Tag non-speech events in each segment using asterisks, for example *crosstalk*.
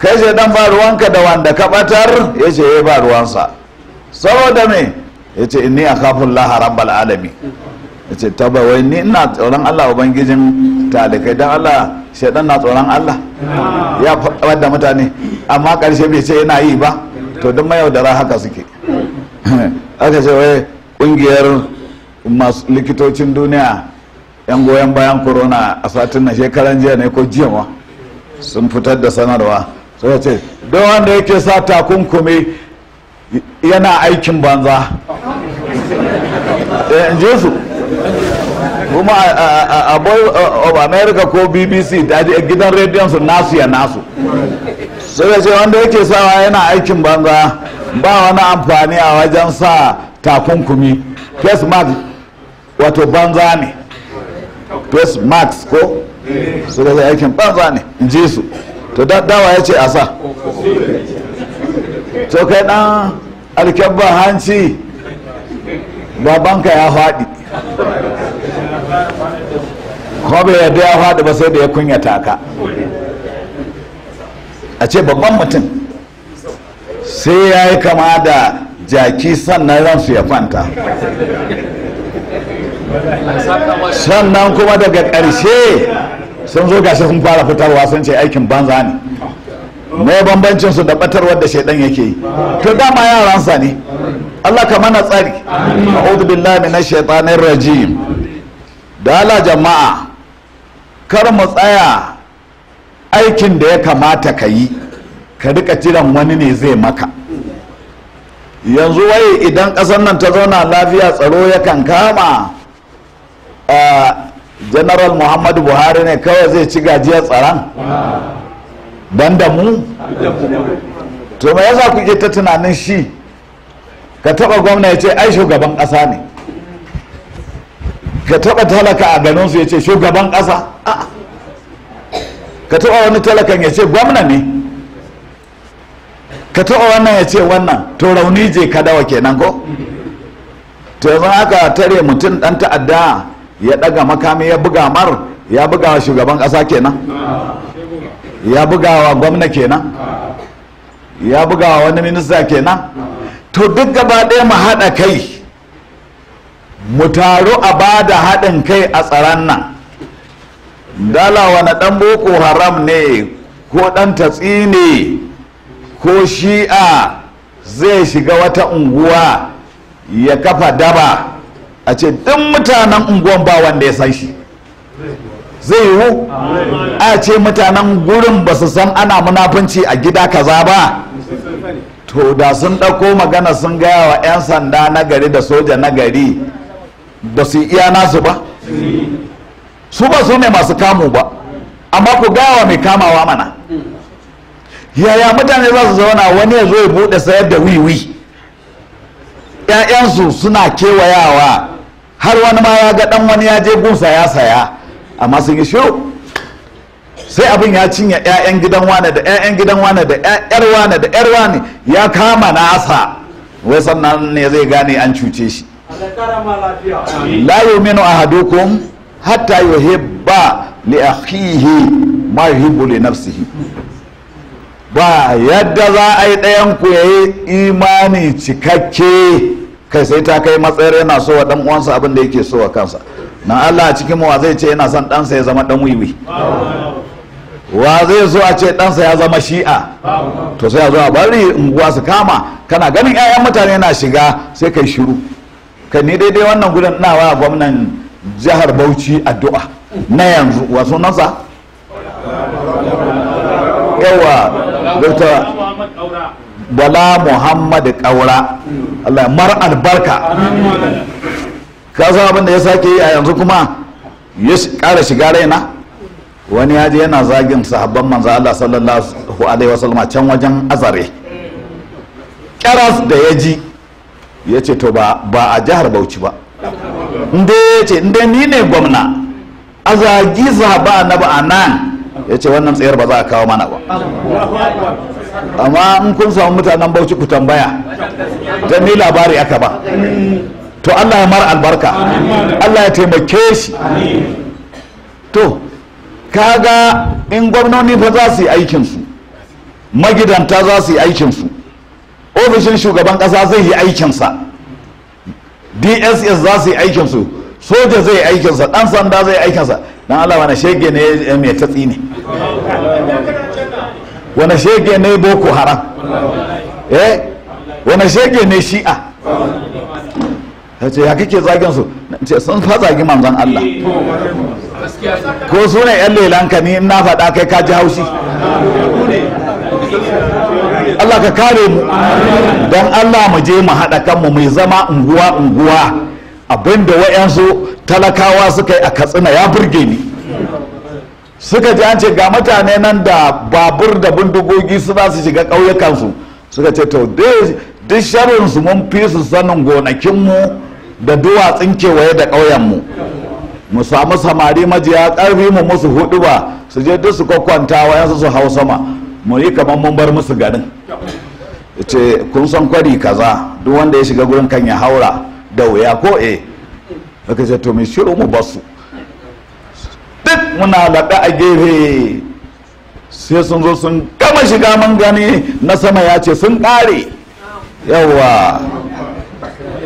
kai dan ba ruwanka da wanda ka batar ya ce ya eh, ba ruwansa saboda me ya ce inni a kafin laharan bal'alami ya ce wai ni ina tsoron allah ubangijin talikai don allah shaidan na tsoron allah ya faɗa da mutane amma ƙarshe bai ce yana yi ba to duk mayaudara haka suke *laughs* aka ce wai ƙungiyar masu likitocin duniya yan goyon bayan corona a satin na shekaran jiya ne ko jiya sun fitar da sanarwa suka ce don wanda yake sa takunkumi yana aikin banza *laughs* eh, in ji su kuma a boy of america ko bbc da eh, gidan rediyon su nasu ya nasu suka ce wanda yake sawa yana aikin banza ba wani amfani a wajen sa takunkumi face mask wato banza ne face mask ko suka ce aikin banza ne in ji su to dawa ya ce a sa to kai dan alkyabba hanci babanka ya faɗi kuma bai yarda ya faɗi ba sai da ya kunyata ka a ce babban mutum sai ya yi kama da jaki sannan ransu ya kwanta sannan kuma daga ƙarshe sun zo gashi sun fara fitarwa sun ce aikin banza ne me bambancin su da batarwar da shaidan yake yi to dama sa ne Allah ka mana tsari a'udhu billahi minash shaitanir rajim da ala jama'a kar mu tsaya aikin da ya kamata ka yi ka rika jiran wani ne zai maka yanzu wai idan ƙasar nan ta zauna lafiya tsaro ya kan kama ah, general muhammadu buhari ne kawai zai ci gajiyar tsaron don da mu to me yasa kuke ta tunanin shi ka taba gwamna ya ce ai shugaban ƙasa ne ka taba talaka a ganinsu ya ce shugaban ƙasa ka taba wani talakan ya ce gwamna ne ka taba wannan ya ce wannan to rauni je ka dawa kenan ko to yanzu aka tare mutum dan ta'adda ya daga makami ya buga mar ya buga wa shugaban kasa kenan ya buga wa gwamna kenan ya buga wa wani minista kenan to duk gaba ɗaya mu haɗa kai mu taru a ba da haɗin kai a tsaron nan dala wani ɗan boko haram ne ko ɗan tatsi ne ko shi'a zai shiga wata unguwa ya kafa daba a ce ɗin mutanen unguwan ba wanda ya san shi zai yiwu a ce mutanen gurin ba su san ana munafunci a gida kaza ba to da sun ɗauko magana sun gaya wa 'yan sanda na da soja na ba su iya nasu ba su ba su ne masu kamu ba amma ku gawa mai kamawa mana yaya mutane za su zauna wani ya zo ya buɗe sayar da wiwi 'ya'yansu suna kewayawa har wani ma ya ga dan wani ya je gunsa ya saya amma sun yi shiru sai abin ya cinye 'ya'yan gidan wane da 'ya'yan gidan wane da 'yar wane da 'yar wane ya kama nasa wai sannan ne zai gane an cuce shi la a hadukun hatta yuhibba li akhihi ma yuhibbu li nafsihi ba yadda za a yi ɗayan ku yayi imani cikakke kai sai ta kai matsayar yana so wa dan uwansa abin da yake so wa kansa na Allah a cikin wa zai ce yana son ɗansa ya zama dan wiwi wa zai so a ce ɗansa ya zama shi'a to sai a zo a bari unguwa su kama kana ganin 'ya'yan mutane na shiga sai kai shiru kai ni daidai wannan gudun wa gwamnan jihar bauchi addu'a na yanzu wa sunansa yawa dr bala muhammad kaura Allah mar albarka ka san ya sake yi a yanzu kuma ya kara shiga raina wani ya je yana zagin sahabban manzo Allah sallallahu alaihi wasallam can wajen azare karas da ya ji ya ce to ba a jihar Bauchi ba inda ya ce inda ni ne gwamna a zagi sahaba na ba a nan ya ce wannan tsayar ba za a kawo mana ba amma in kun samu mutanen bauchi ku tambaya ta ni labari aka ba to allah ya mara albarka allah ya taimake shi to kaga in gwamnoni fa za su yi aikinsu magidanta za su yi aikinsu ofishin shugaban kasa zai yi aikinsa dss za su yi aikinsu soja zai yi aikinsa dan sanda zai yi aikinsa dan Allah wani shege ne mai ta tsini wani shege ne boko haram eh wani shege ne shi'a ya ce ya kake zagin su ce sun fa zagi manzon Allah ko su ne yan lelanka ni na faɗa kai ka ji haushi Allah ka kare mu don Allah mu je mu haɗa kanmu mu zama unguwa unguwa abinda wa'yansu talakawa suka yi a katsina ya burge ni suka ji an ce ga mutane nan da babur da bindigogi su za su shiga ƙauyukansu suka ce to duk sharinsu mun fi su sanin gonakinmu da duwatsun kewaye da ƙauyenmu mu samu samari majiya ƙarfi mu musu hudu ba su je duk su kwakwanta wayansu su hau sama mu yi kamar mun bar musu garin ce kun san kwari kaza duk wanda ya shiga gurin kan ya haura da wuya ko eh aka ce to mai shiru mu basu duk muna laɗa a gefe sai sun zo sun gama shiga man gani na sama ya ce sun ƙare yawa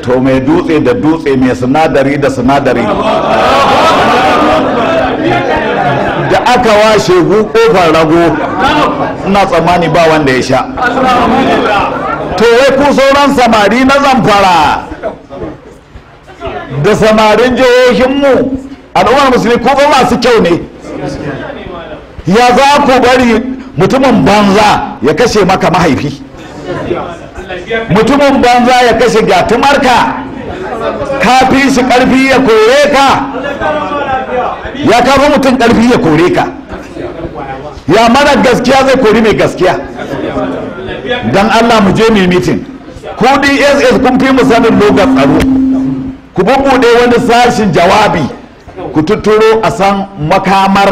to mai dutse da dutse mai sinadari da sinadari da aka washe kofar rago ina tsammani ba wanda ya sha to wai ku sauran samari na zamfara da samarin jihohinmu al'ummar musulmi kuma masu kyau ne ya za ku bari mutumin banza ya kashe maka mahaifi mutumin banza ya kashe gatumarka ka fi shi karfi ya kore ka ya kafa mutum karfi ya kore ka ya mana gaskiya zai kori mai gaskiya don allah mu je mai mitin kudi ss kun fi mu sanin logar tsaro ku bubuɗe wani sashin jawabi ku tuturo a san makamar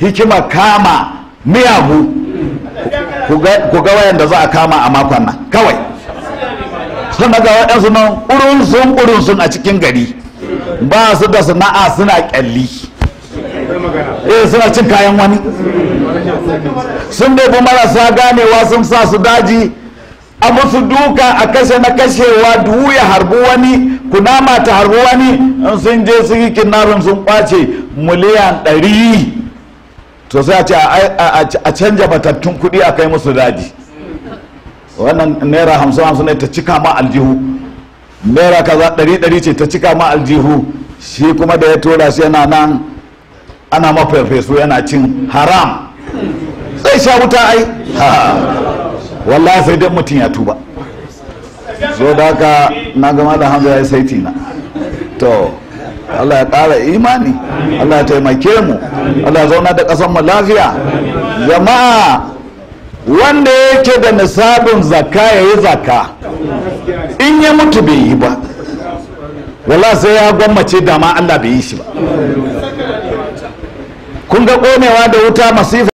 hikimar kama miyagu ku ga wayanda za a kama a makon nan kawai sun daga waɗansu nan ƙurunsun sun a cikin gari ba su da sana'a suna ƙyalli eh suna cin kayan wani sun bai marasa ganewa sun sa su daji a musu duka a kashe na kashewa duhu ya harbi wani kunama ta harbi wani in sun je su yi sun kwace miliyan ɗari to sai a canja batattun kuɗi a kai musu daji wannan naira hamsin hamsin ne ta cika ma aljihu naira kaza ɗari ɗari ce ta cika ma aljihu shi kuma da ya tura shi yana nan ana mafarfesu yana cin haram sai sha wuta ai wallahi sai dai mutum ya tuba so da haka na gama da Hanzu ya yi saiti na to Allah ya ƙara imani Allah ya taimake mu Allah ya zauna da ƙasar mu lafiya jama'a wanda yake da nisabin zaka ya yi zaka, in ya mutu bai yi ba wala sai ya gwammace dama Allah bai yi shi ba kun ga ƙonewa da wuta masifa